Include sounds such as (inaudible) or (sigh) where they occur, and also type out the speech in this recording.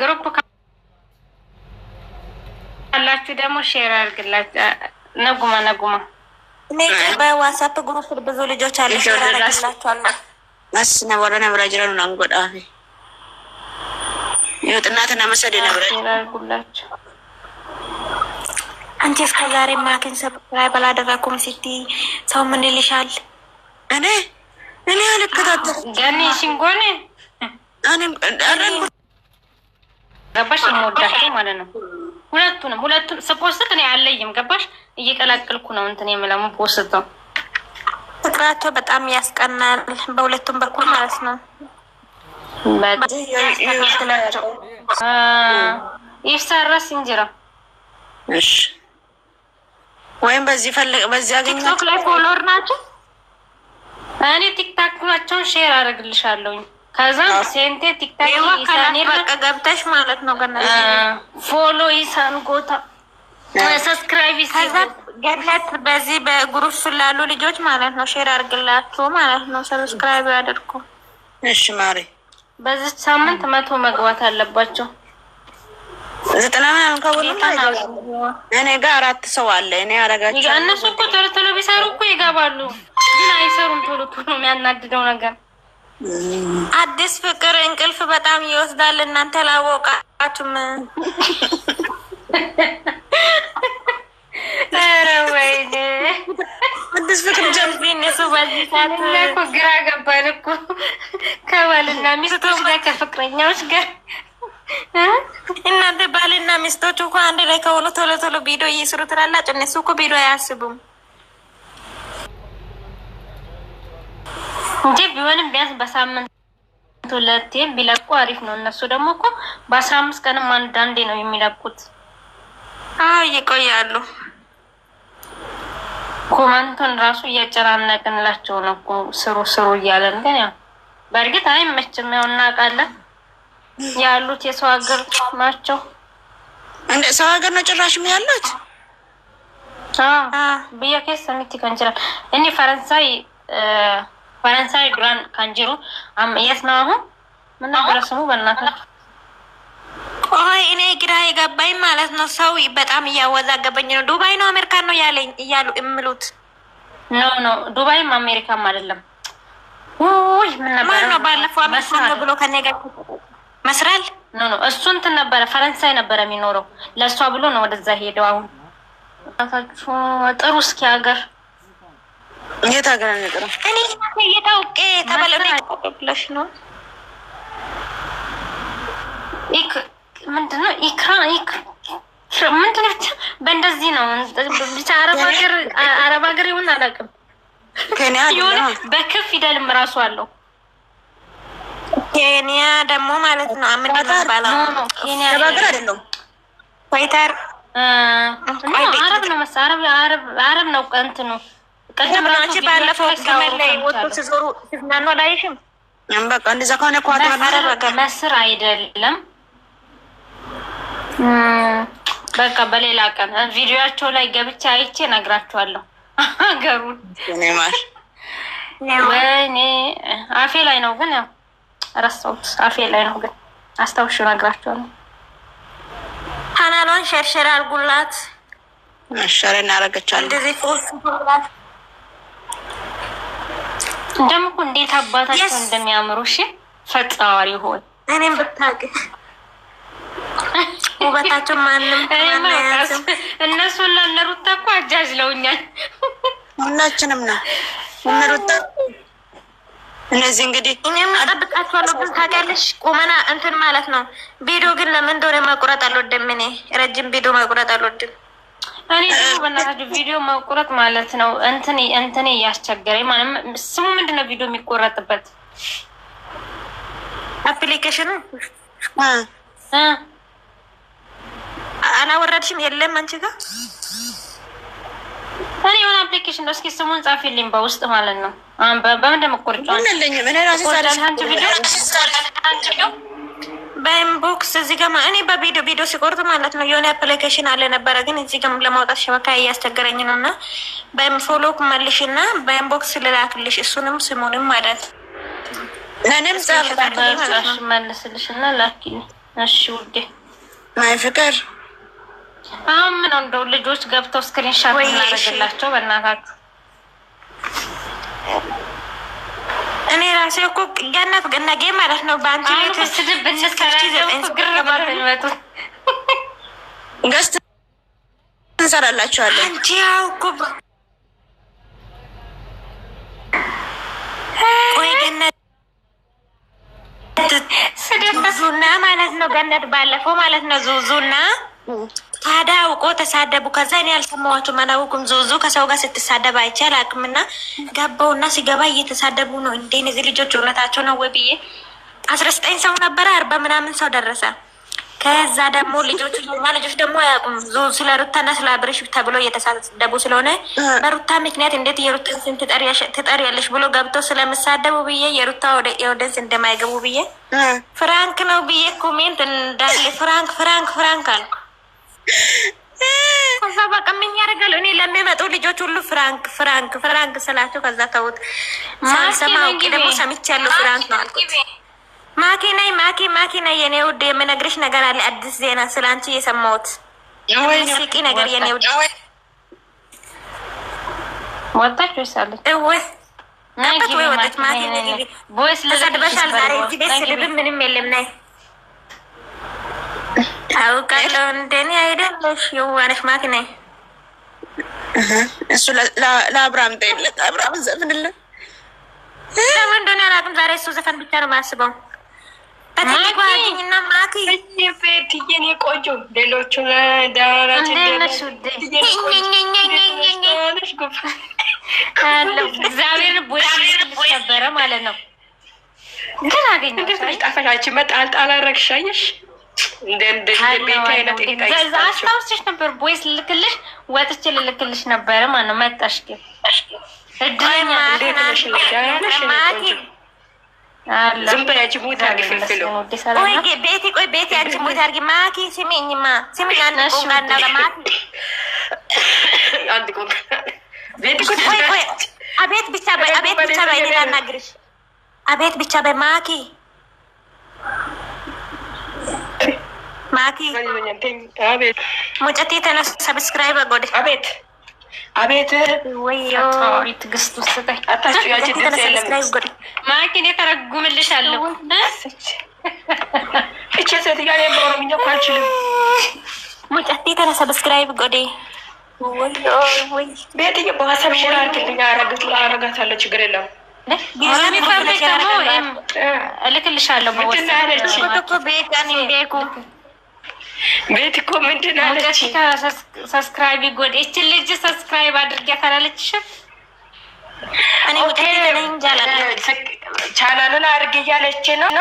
ግሩፕ ካላችሁ ደግሞ ሼር አድርግላችሁ። ነጉማ ነጉማ በዋትሳፕ ግሩፕ ብዙ ልጆች አሉ። አንቺ እስከ ዛሬ ማክን ሰብስክራይብ አላደረኩም ሲቲ ሰው ምን ይልሻል? እኔ እኔ አልከታተልም ገኔ ሽንጎኔ ገባሽ? የምወዳቸው ማለት ነው ሁለቱንም ሁለቱን ስፖስት እኔ አለይም ገባሽ? እየቀላቀልኩ ነው እንትን የምለሙ ፖስት ነው ፍቅራቸው በጣም ያስቀናል። በሁለቱም በኩል ማለት ነው። ይሰራስ እንጀራ እሺ። ወይም በዚህ ፈልግ በዚህ አገኘ ቲክቶክ ላይ ፎሎወር ናቸው። እኔ ቲክታክ ናቸውን ሼር አደርግልሻለሁኝ ከዛ ሴንቴ ቲክታክ ገብተሽ ማለት ነው። ገና ፎሎ ጎታ ሰብስክራይብ በዚህ በግሩፕ ስላሉ ልጆች ማለት ነው። ሼር አድርግላችሁ ማለት ነው። ሰብስክራይብ አድርጉ እሺ። ማሪ በዚህ ሳምንት መቶ መግባት አለባቸው። ዘጠና ምናምን ከሁሉም እኔ ጋር አራት ሰው አለ። እኔ አረጋቸው እነሱ እኮ ቶሎ ቶሎ ቢሰሩ እኮ ይገባሉ፣ ግን አይሰሩም። ቶሎ ቶሎ የሚያናድደው ነገር አዲስ ፍቅር እንቅልፍ በጣም ይወስዳል። እናንተ ላወቃችሁም አዲስ ፍቅር እነሱ በዚህ ሰዓት እኮ ግራ ገባን እኮ ከባልና ሚስቶች ላይ ከፍቅረኛዎች ጋር እናንተ ባልና ሚስቶች እኮ አንድ ላይ ከሆኑ ቶሎ ቶሎ ቪዲዮ እየስሩ ትላላችሁ። እነሱ እኮ ቪዲዮ አያስቡም። እንጂ ቢሆንም ቢያንስ በሳምንት ሁለቴ ቢለቁ አሪፍ ነው። እነሱ ደግሞ እኮ በአስራ አምስት ቀንም አንዳንዴ ነው የሚለቁት። አዎ ይቆያሉ። ኮመንቱን ራሱ እያጨናነቅንላቸው ነው እኮ ስሩ ስሩ እያለን ግን ያው በእርግጥ አይመችም። ያው እናውቃለን ያሉት የሰው ሀገር ናቸው። እንደ ሰው ሀገር ነው ጭራሽም ያሉት ብያ ኬስ ሰሚት ከንችላል እኔ ፈረንሳይ ፈረንሳይ ግራን ካንጅሩ የት ነው አሁን? ምን ነበረ ስሙ? በእናትህ ቆይ፣ እኔ ግራ የገባኝ ማለት ነው። ሰው በጣም እያወዛገበኝ ነው። ዱባይ ነው አሜሪካ ነው ያለኝ እያሉ የምሉት ኖ ኖ፣ ዱባይም አሜሪካም አይደለም። ውይ ምን ነበረ ነው ባለፈው ብሎ ከኔ ጋር መስራል ኖ ኖ፣ እሱ እንትን ነበረ ፈረንሳይ ነበረ የሚኖረው ለእሷ ብሎ ነው ወደዛ ሄደው። አሁን ጥሩ እስኪ ሀገር የት ሀገር አንቀርም። እኔ እየታውቄ ተበለብለሽ ነው። ምንድነው ኢክራ ምንድነው? በእንደዚህ ነው ብቻ አረብ ሀገር ይሁን አላውቅም። ሆነ በክፍ ፊደልም ራሱ አለው። ኬንያ ደግሞ ማለት ነው። አይደለም አረብ ነው መሰለኝ። አረብ ነው እንትኑ ቅድም ነው አንቺ ባለፈው ግመል ላይ ወጥቶ ሲዞሩ ሲዝናኑ አላየሽም? በቃ እንደዛ ከሆነ መስር አይደለም በቃ በሌላ ቀን ቪዲዮቸው ላይ ገብቼ አይቼ እነግራችኋለሁ። ሀገሩን (laughs) ወይኔ አፌ ላይ ነው ግን ያው ረሳሁት። አፌ ላይ ነው ግን አስታውሽ እነግራችኋለሁ። ካናሏን ሸርሸር አድርጉላት። መሸር እናደርገቻለን እንደዚህ ደግሞ እንዴት አባታቸው እንደሚያምሩ እሺ፣ ፈጣሪ ሆይ እኔም ብታውቅ ውበታቸው ማንም እነሱና እነ ሩታ እኮ አጃጅ ለውኛል። ሁላችንም ነው እነሩታ እነዚህ እንግዲህ እኔም እጠብቃቸዋለሁ። ግን ታውቂያለሽ ቁመና እንትን ማለት ነው። ቪዲዮ ግን ለምን እንደሆነ መቁረጥ አልወድም እኔ ረጅም ቪዲዮ መቁረጥ አልወድም። እኔ ደግሞ በእናታችሁ ቪዲዮ መቁረጥ ማለት ነው እንትን እንትን እያስቸገረኝ ማለት ስሙ ምንድን ነው? ቪዲዮ የሚቆረጥበት አፕሊኬሽኑ አላወረድሽም? የለም አንቺ ጋር እኔ የሆነ አፕሊኬሽን እስኪ ስሙን ጻፊልኝ በውስጥ ማለት ነው። በምን እንደምቆርጫ ምን ለኝ ምን ራሴ ቪዲዮ በኢንቦክስ እዚህ ጋ እኔ በቪዲዮ ቪዲዮ ሲቆርጥ ማለት ነው የሆነ አፕሊኬሽን አለ ነበረ፣ ግን እዚህ ጋር ለማውጣት ሸበካ እያስቸገረኝ ነው። እና በኢንፎሎ መልሽ እና በኢንቦክስ ልላክልሽ እሱንም ስሙንም ማለት ለእኔም መልስልሽ እና ላኪ። እሺ ውዴ ናይ ፍቅር አሁን ምን እንደው ልጆች ገብተው ስክሪንሻት እናደርግላቸው በእናታችሁ እኔ ራሴ እኮ ገነት ነገ ማለት ነው በአንቺ ቤት ገስት እንሰራላችኋለን። አንቺ ያው እኮ ቆይ ገነት ማለት ነው ገነት ባለፈው ማለት ነው ዙዙና ታዲያ አውቆ ተሳደቡ። ከዛ እኔ አልሰማኋቸውም አላውቅም። ዞዞ ከሰው ጋር ስትሳደብ አይቼ አላውቅም። እና ገባውና ሲገባ እየተሳደቡ ነው እንዴ እነዚህ ልጆች እውነታቸው ነው ወይ ብዬ አስራ ዘጠኝ ሰው ነበረ አርባ ምናምን ሰው ደረሰ። ከዛ ደግሞ ልጆቹ ኖርማ ልጆች ደግሞ አያውቁም ስለ ሩታና ስለ አብርሽ ተብሎ እየተሳደቡ ስለሆነ በሩታ ምክንያት እንዴት የሩታን ስም ትጠሪያለሽ ብሎ ገብቶ ስለምሳደቡ ብዬ የሩታ የወደንስ እንደማይገቡ ብዬ ፍራንክ ነው ብዬ ኮሜንት እንዳለ ፍራንክ ፍራንክ ፍራንክ አልኩ። ከዛ በቃ ምን ያደርጋል? እኔ ለሚመጡ ልጆች ሁሉ ፍራንክ ፍራንክ ፍራንክ ስላቸው ከዛ ተውት ሳልሰማ አውቄ ደግሞ ሰምቻለሁ ፍራንክ ነው አልኩት። ማኪ ነይ ማኪ ማኪ ነይ የኔ ውድ የምነግርሽ ነገር አለ አዲስ ዜና ስለ አንቺ የሰማሁት ስቂ ነገር የኔ ውድ ወጣች ወይስ አለች? ወይ ወጣች? ማኪ ነይ ተሰድበሻል ዛሬ እዚህ ቤት ስድብም ምንም የለም ነይ አውቃለሁ። እንደኔ አይደለሽ የዋነሽ ማቲ ነኝ። እሱ ለአብርሃም ጠይለት አብርሃም ዘፍንልን። ለምን እንደሆነ አላውቅም። ዛሬ እሱ ዘፈን ብቻ ነው የማስበው። ቆንጆ ሌሎቹ እግዚአብሔር ቦታ ነበረ ማለት ነው ግን አገኘሁ ጣፈሻችን መጣል ጣል አስታውስሽ ነበር ቦይስ ልልክልሽ ወጥቼ ልልክልሽ ነበረ። ማነው መጣሽ? ግን አቤት ብቻ አቤት ብቻ በይ ልናናግርሽ አቤት ብቻ በይ ማኪ ማቲ ሙጭት ተነሱ፣ ሰብስክራይብ ጎድ አቤት አቤት ትግስት ውስጥ ማኪን የተረጉምልሻለሁ። እቼ ሴትዮ እኔ በኦሮምኛ እኮ አልችልም። ሙጨት የተነ ሰብስክራይብ ጎዴ ቤትዬ በሀሳብ ሽራ አድርግልኝ። አረጋታለሁ፣ ችግር የለም እልክልሻለሁ። ቤት እኮ ምንድን አለች? ሰብስክራይብ ጎድ ይችን ልጅ ሰብስክራይብ አድርጊያት አላለችሽም? ቻናሉን አድርግ እያለች ነው።